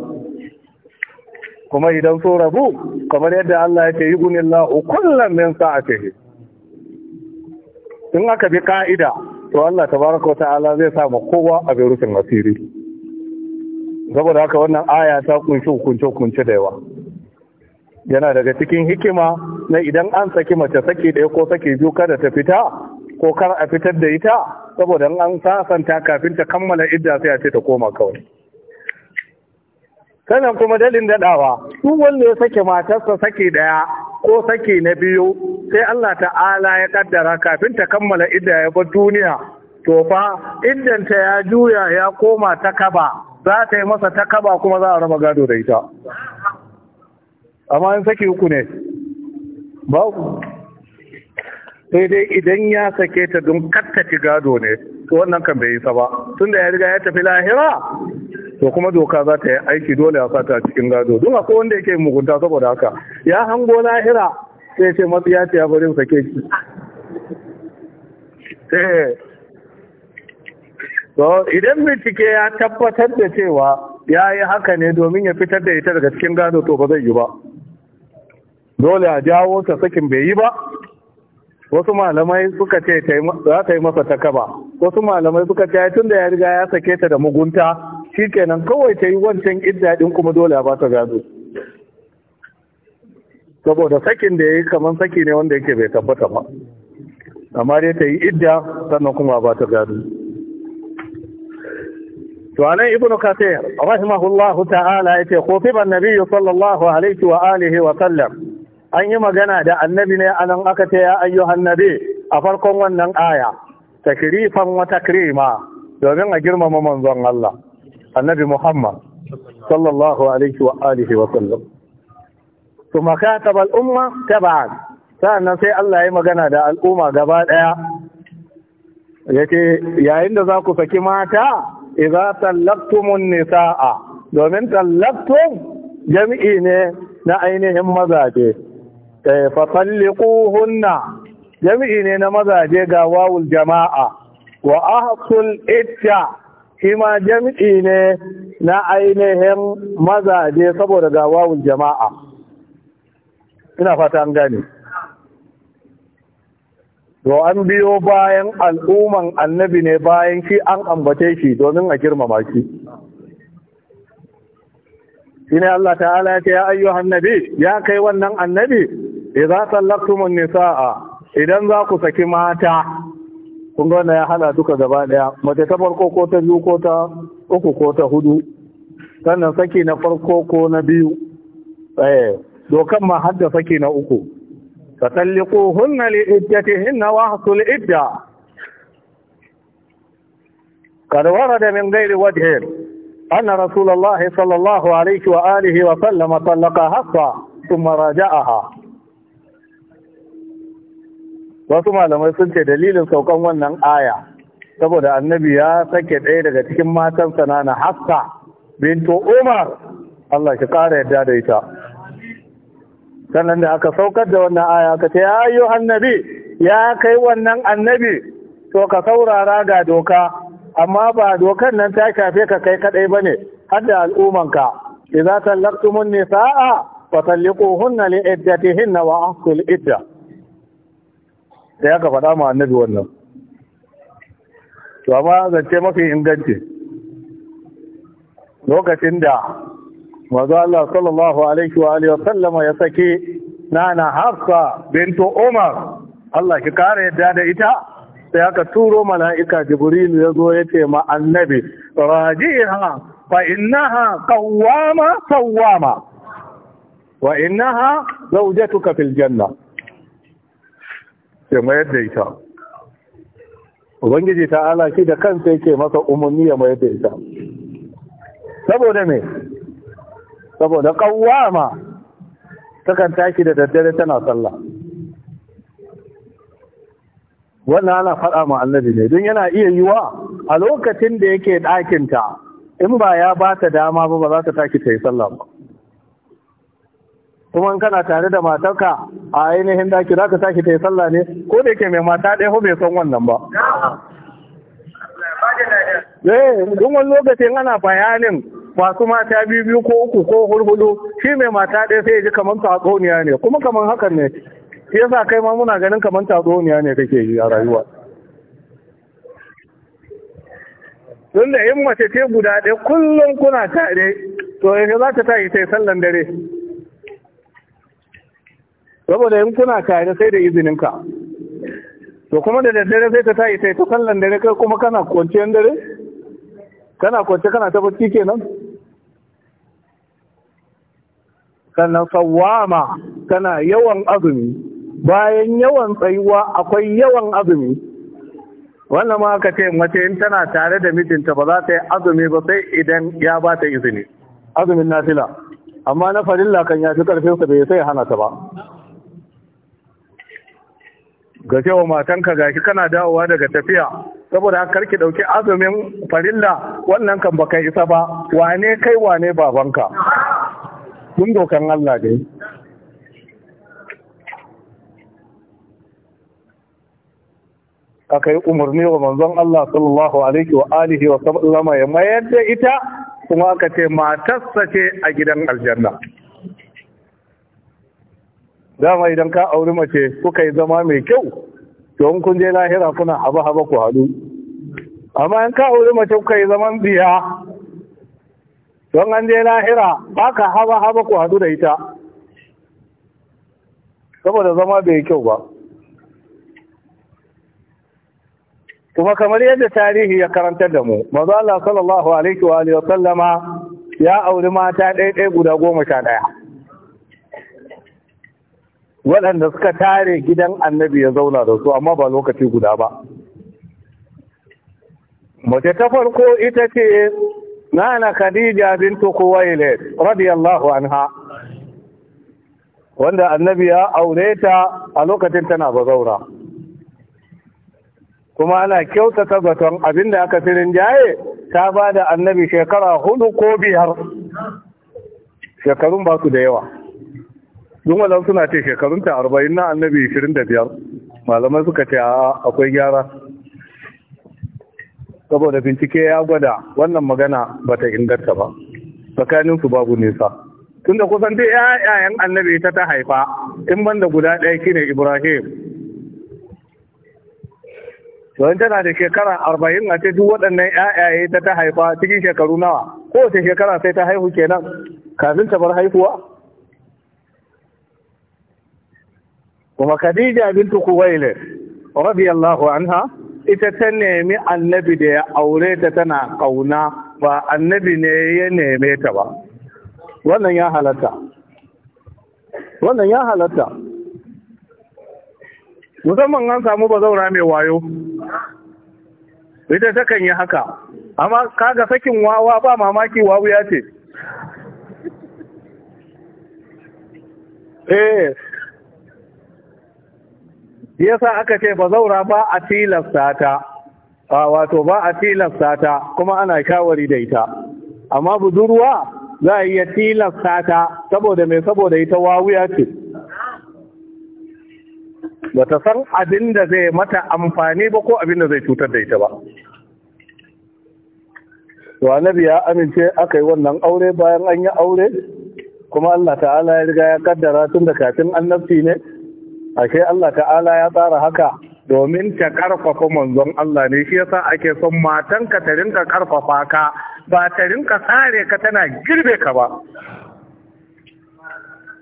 kuma idan so rabu kamar yadda Allah ya ce yi gunillahu kullum min sa'atihi in aka bi ka'ida to Allah tabaraka wa ta'ala zai sa ma kowa a rufin asiri saboda haka wannan aya ta kunshi hukunce-hukunce da yawa yana daga cikin hikima na idan an saki mace saki ɗaya ko saki biyu kada ta fita ko kar a fitar da ita saboda an sasanta kafin ta kammala idda sai a ce ta koma kawai sannan kuma dalin daɗawa duk wanda ya sake matarsa saki ɗaya ko saki na biyu sai Allah ta'ala ya kaddara kafin ta kammala idda ya bar duniya to fa iddanta ya juya ya koma ta kaba za ta yi masa ta kaba kuma za a raba gado da ita amma in saki uku ne Ba sai dai idan ya sake ta don kattaci gado ne to wannan kan bai yi sa ba tun da ya riga ya tafi lahira to kuma doka za ta yi aiki dole a sata cikin gado don akwai wanda yake mugunta saboda haka ya hango lahira sai ce matsiya ce ya bari sake ki eh, so idan bincike ya tabbatar da cewa ya yi haka ne domin ya fitar da ita daga cikin gado to ba zai yi ba dole a jawo ta sakin bai yi ba wasu malamai suka ce za ta yi masa takaba wasu malamai suka ce tun da ya riga ya sake ta da mugunta shikenan kawai ta yi wancan idda din kuma dole a ba ta gado saboda sakin da ya yi kamar saki ne wanda yake bai tabbata ba amma dai ta yi idda sannan kuma ba ta gado to anan ibnu kasir rahimahullahu ta'ala yace khutiba an-nabiy sallallahu alaihi wa wa sallam an yi magana da annabi ne anan aka ce ya ayyuhan nabi a farkon wannan aya takrifan wa takrima domin a girmama manzon Allah annabi Muhammad sallallahu alaihi wa alihi wa sallam kuma kataba al-umma tab'an sa'annan sai Allah ya magana da al'umma gaba ɗaya ya ce yayin da za ku saki mata iza tallaqtumun nisaa domin tallaktum jami'i ne na ainihin mazaje eh fa talliquhunna jami'i ne na mazaje ga wawul jama'a wa ahsul itta kima jami'i ne na ainihin mazaje saboda ga wawul jama'a ina fata an gane to an biyo bayan al'umman annabi ne bayan shi an ambace shi domin a girmama shi ne Allah ta'ala ya ce ya ayyu hannabi? ya kai wannan annabi idza sallaktumun nisaa idan za ku saki mata kun ga ya hana duka gaba daya mace ta farko ko ta biyu ko ta uku ko ta hudu sannan saki na farko ko na biyu eh dokan ma hadda saki na uku فطلقوهن لعدتهن واحصوا العدة قد ورد من غير وجه أن رسول الله صلى الله عليه وآله وسلم طلق حصة ثم راجعها wasu malamai sun ce dalilin saukan wannan aya saboda annabi ya sake ɗaya daga cikin matansa na hafsa bintu umar Allah shi ƙara yadda da ita sannan da aka saukar da wannan aya aka ce ya annabi ya kai wannan annabi to ka saurara ga doka amma ba dokar nan ta shafe ka kai kadai bane har da al'umanka idza tallaqtumun nisaa fa talliquhunna li iddatihinna wa ahsul idda da ya ka faɗa ma annabi wannan to amma zance mafi inganci lokacin da wazo Allah sallallahu alaihi wa alihi sallama ya sake nana Hafsa bintu Umar Allah ki kare yadda da ita sai aka turo mala'ika Jibril ya zo ya ce ma annabi rajiha fa innaha qawwama sawwama wa innaha zawjatuka fil janna sai mayar da ita Ubangiji ta'ala shi da kansa yake masa umarni ya mayar da ita saboda me saboda kawama takan tashi da daddare tana sallah wannan ana faɗa ma annabi ne don yana iya yiwa a lokacin da yake ɗakinta in ba ya ba ta dama ba ba za ta tashi ta yi sallah ba kuma kana tare da matarka a ainihin daki za ka tashi ta yi sallah ne ko da yake mai mata ɗaya ko bai son wannan ba eh don wani lokacin ana bayanin masu mata biyu biyu ko uku ko hulhulu shi mai mata ɗaya sai ya ji kamar tatsuniya ne kuma kamar hakan ne shi yasa kai ma muna ganin kamar tatsuniya ne kake yi a rayuwa tun da in mace ce guda ɗaya kullum kuna tare to yanzu za ta tashi sai sallan dare saboda in kuna tare sai da izininka to kuma da daddare sai ta tashi sai ta sallan dare kai kuma kana kwanciyar dare kana kwance kana ta bacci kenan sannan sawama tana yawan azumi bayan yawan tsayuwa akwai yawan azumi wannan ma aka ce mace in tana tare da mijinta ba za ta yi azumi ba sai idan ya ba ta izini azumin nafila amma na farilla kan ya fi karfin sa bai sai hana ta ba ga cewa matanka gashi kana dawowa daga tafiya saboda karki dauki azumin farilla wannan kan baka isa ba wane kai wane babanka mun dokan Allah dai aka yi umarni wa manzon Allah sallallahu alaihi wa alihi wa sallama ya mayar da ita kuma aka ce matarsa ce a gidan aljanna dama idan ka auri mace kuka yi zama mai kyau to kun je lahira kuna haba haba ku haɗu amma in ka auri mace kuka yi zaman biya don an je lahira ba ka haba haba ku hadu da ita saboda zama bai kyau ba kuma kamar yadda tarihi ya karantar da mu mazu Allah sallallahu alaihi wa sallama ya auri mata ɗaiɗai guda goma sha ɗaya waɗanda suka tare gidan annabi ya zauna da su amma ba lokaci guda ba mace ta farko ita ce nana khadija bintu kuwailid radiyallahu anha wanda annabi ya aure ta a lokacin tana bazaura kuma ana kyautata zaton abinda aka fi rinjaye ta ba da annabi shekara hudu ko biyar shekarun ba su da yawa dun wadanda suna ce shekarunta arba'in na annabi ishirin da biyar malamai suka ce a akwai gyara saboda bincike ya gwada wannan magana ba ta inganta ba tsakanin su babu nisa tunda kusan dai ƴaƴayen annabi ita ta haifa in banda guda ɗaya shine ibrahim don tana da shekara arba'in a ce duk waɗannan ƴaƴaye ta ta haifa cikin shekaru nawa kowace shekara sai ta haihu kenan kafin ta bar haihuwa kuma khadija bintu kuwailid radiyallahu anha ita ta nemi annabi da ya aure ta tana ƙauna, ba annabi ne ya neme ta ba wannan ya halatta wannan ya halatta musamman an samu ba zaura mai wayo ita ta kan yi haka amma kaga sakin wawa ba mamaki wawu ya ce eh yasa aka ce ba zaura ba a tilasta ta wato ba a tilasta ta kuma ana shawari da ita amma budurwa za a iya tilasta ta saboda mai saboda ita wawuya ce ba ta san abin da zai mata amfani ba ko abin da zai cutar da ita ba to annabi ya amince aka yi wannan aure bayan an yi aure kuma Allah ta'ala ya riga ya kaddara tun da kafin annabci ne ashe Allah ta'ala ya tsara haka domin ta karfafa manzon Allah ne shi yasa ake son matanka ta rinka karfafa ka ba ta rinka tsare ka tana girbe ka ba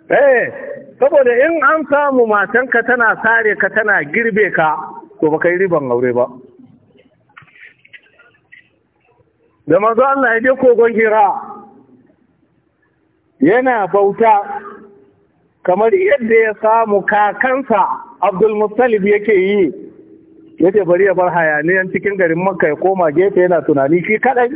eh saboda in an samu matanka tana tsare ka tana girbe ka to baka yi riban aure ba da manzon Allah ya je kogon hira yana bauta kamar yadda ya samu kakansa abdulmuttalib yake yi yace bari ya bar hayaniyan cikin garin makka ya koma gefe yana tunani shi kadai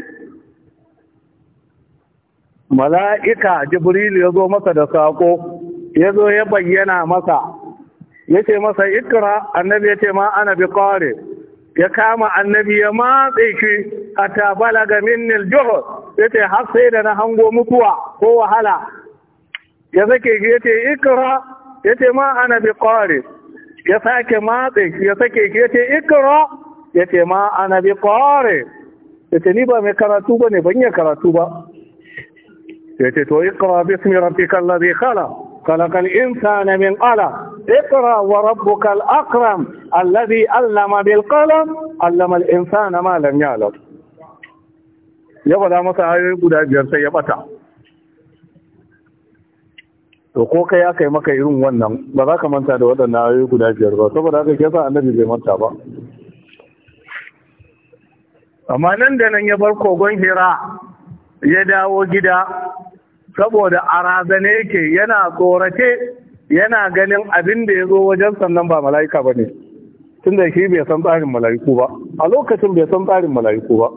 mala'ika jibril ya zo masa da sako ya zo ya bayyana masa ya ce masa ikra annabi ya ce ma ana bi qari ya kama annabi ya matse shi a balaga minnil juhud ya ce har sai da na hango mutuwa ko wahala ya sake shi ya ce ikra ya ce ma ana bi qari ya sake matse ya sake shi ya ce ikra ya ce ma ana bi qari ya ce ni ba mai karatu ba ne ban yi karatu ba ya ce to ikra bismi rabbika alladhi khala خلق الإنسان من qalaq اقرأ وربك الأكرم الذي علم بالقلم علم الإنسان ما لم يعلم يقول أمسا هاي قد أجل سيبتا to ko kai aka yi maka irin wannan ba za ka manta da waɗannan ayoyi guda biyar ba saboda haka ke sa annabi bai manta ba amma nan da nan ya bar kogon hira ya dawo gida saboda a razane yake yana tsorace yana ganin abin da ya zo wajen sannan ba mala'ika ba ne tun da shi bai san tsarin mala'iku ba a lokacin bai san tsarin mala'iku ba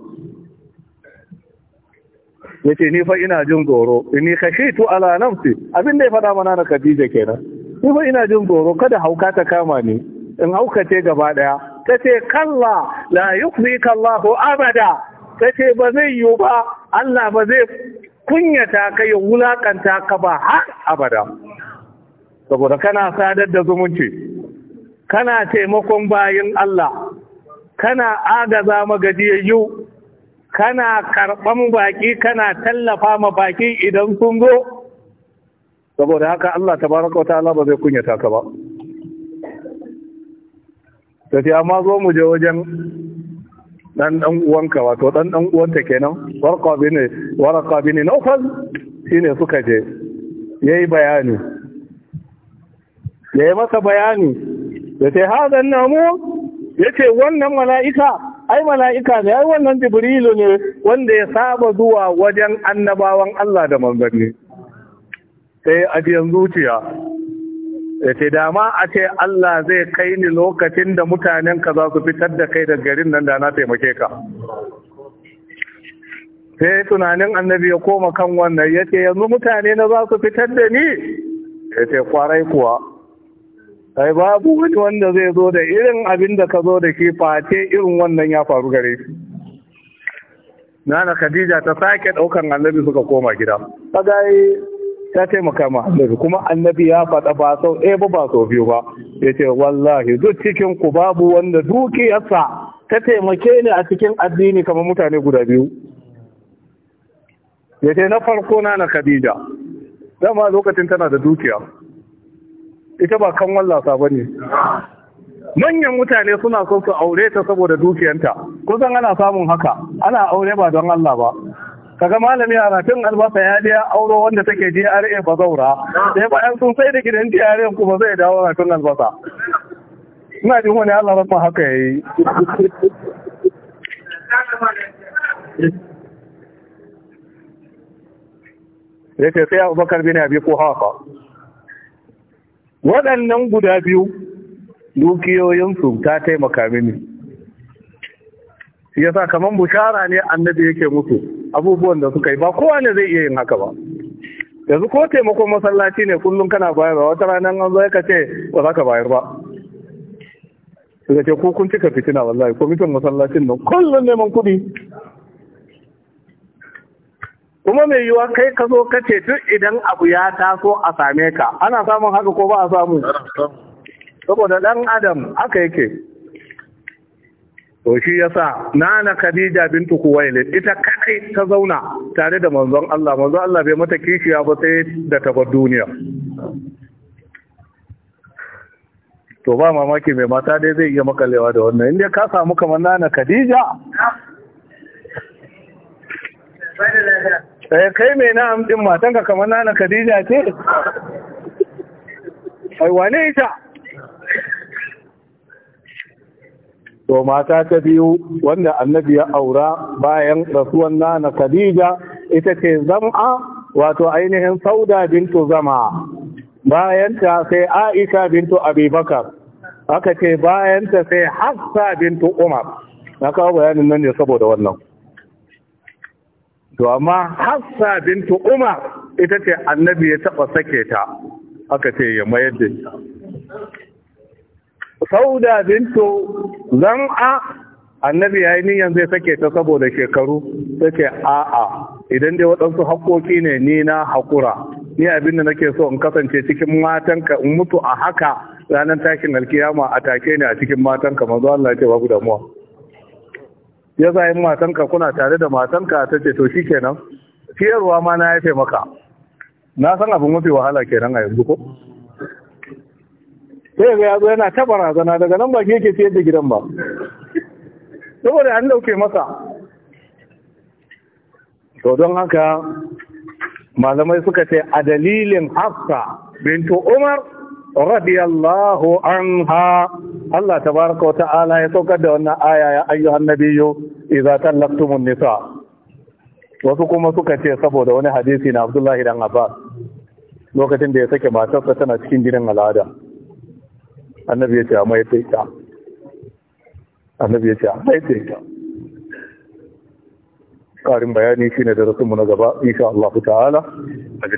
yace ni fa ina jin tsoro inni tu ala nafsi abin da ya faɗa mana na Khadija kenan ni fa ina jin tsoro kada hauka ta kama ni in haukace gaba daya tace kalla la yufika Allahu abada tace ba zai yi ba Allah ba zai kunyata ka ya wulakanta ka ba har abada saboda kana sadar da zumunci kana taimakon bayan Allah kana agaza magajiyayyu kana karɓan baƙi kana tallafa ma baƙi idan sun zo saboda haka Allah ta baraka wata ta'ala ba zai kunyata ka ba tafi amma zo mu je wajen ɗan dan uwanka wato ɗan dan uwanta kenan warqa bin ne bin shi shine suka je ya yi bayani ya yi masa bayani yace hadan namu ce wannan mala'ika ai mala'ika ne ai wannan jibrilu ne wanda ya saba zuwa wajen annabawan Allah da manzanni sai ajiyan zuciya ya ce dama a ce Allah zai kai ni lokacin da mutanen ka za su fitar da kai da garin nan da na taimake ka sai tunanin annabi ya koma kan wannan ya ce yanzu mutane na za su fitar da ni ya ce kwarai kuwa kai babu wani wanda zai zo da irin abin da ka zo da shi face irin wannan ya faru gare shi nana khadija ta sake daukan annabi suka koma gida kaga ta taimaka ma annabi kuma annabi ya faɗa ba sau ɗaya ba ba sau biyu ba ya ce wallahi duk cikin ku babu wanda dukiyarsa ta taimake ni a cikin addini kamar mutane guda biyu ya ce na farko na na khadija dama lokacin tana da dukiya ita ba kan wallasa ba ne manyan mutane suna son su aure ta saboda dukiyanta kusan ana samun haka ana aure ba don Allah ba kaga malami a rafin albasa ya biya auro wanda take GRA ba zaura sai bayan sun sai da gidan GRA kuma zai dawo a tun albasa ina jin wani Allah rabba haka Ya ce sai Abubakar bin Abi Quhafa waɗannan guda biyu dukiyoyinsu ta taimaka mini sa kamar bushara ne annabi yake mutu abubuwan da suka yi ba kowane zai iya yin haka ba yanzu ko taimakon masallaci ne kullum kana bayarwa wata rana an zo ka ce ba za ka bayar ba suka ce ko kun cika fitina wallahi kwamitin masallacin nan kullum neman kuɗi kuma mai yiwuwa kai ka zo ka ce duk idan abu ya taso a same ka ana samun haka ko ba a samu saboda dan adam aka yake to shi yasa nana khadija bintu kuwailid ita kadai ta zauna tare da manzon Allah manzon Allah bai mata kishiya ba sai da ta bar duniya to ba mamaki mai mata dai zai iya makalewa da wannan inda ka samu kamar nana Khadija Eh, kai mai na amdin matanka kamar nana Khadija ce ai wane ita to mata ta biyu wanda annabi ya aura bayan rasuwan nana Khadija ita ce zam'a wato ainihin Sauda bintu Zama bayanta sai Aisha bintu Abubakar aka ce bayanta ta sai Hafsa bintu Umar na kawo bayanin nan ne saboda wannan to amma hafsa bintu umar ita ce annabi ya taba sake ta aka ce ya mayar da ita sauda bintu zan'a annabi ya yi niyan zai sake ta saboda shekaru ta ce a'a idan dai waɗansu haƙoƙi ne ni na haƙura ni abin da nake so in kasance cikin matanka in mutu a haka ranar tashin alkiyama a take ne a cikin matanka mazu Allah ya ce babu damuwa ya sa matanka kuna tare da matanka ta ce to shikenan ciyarwa ma na yafe maka na san abin mafi wahala kenan a yanzu ko sai ga yazo yana ta barazana daga nan ba ke yake ciyar da gidan ba saboda an dauke masa to don haka malamai suka ce a dalilin hafsa bintu umar radiyallahu anha Allah tabaraka wa ta'ala ya saukar da wannan aya ya ayyuhan nabiyyu idza tallaqtumun nisa wasu kuma suka ce saboda wani hadisi na Abdullahi dan Abbas lokacin da ya sake matarsa tana cikin gidan al'ada annabi ya ce a mai ta annabi ya ce a mai ta karin bayani ne da mu na gaba insha Allah ta'ala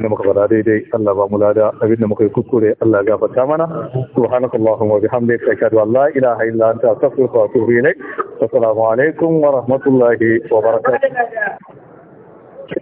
da muka fara daidai Allah ba mu lada abinda muka yi kuskure Allah ya gafarta mana subhanakallahumma wa bihamdika ashhadu an la ilaha illa anta astaghfiruka wa atubu ilaik assalamu alaikum wa rahmatullahi wa barakatuh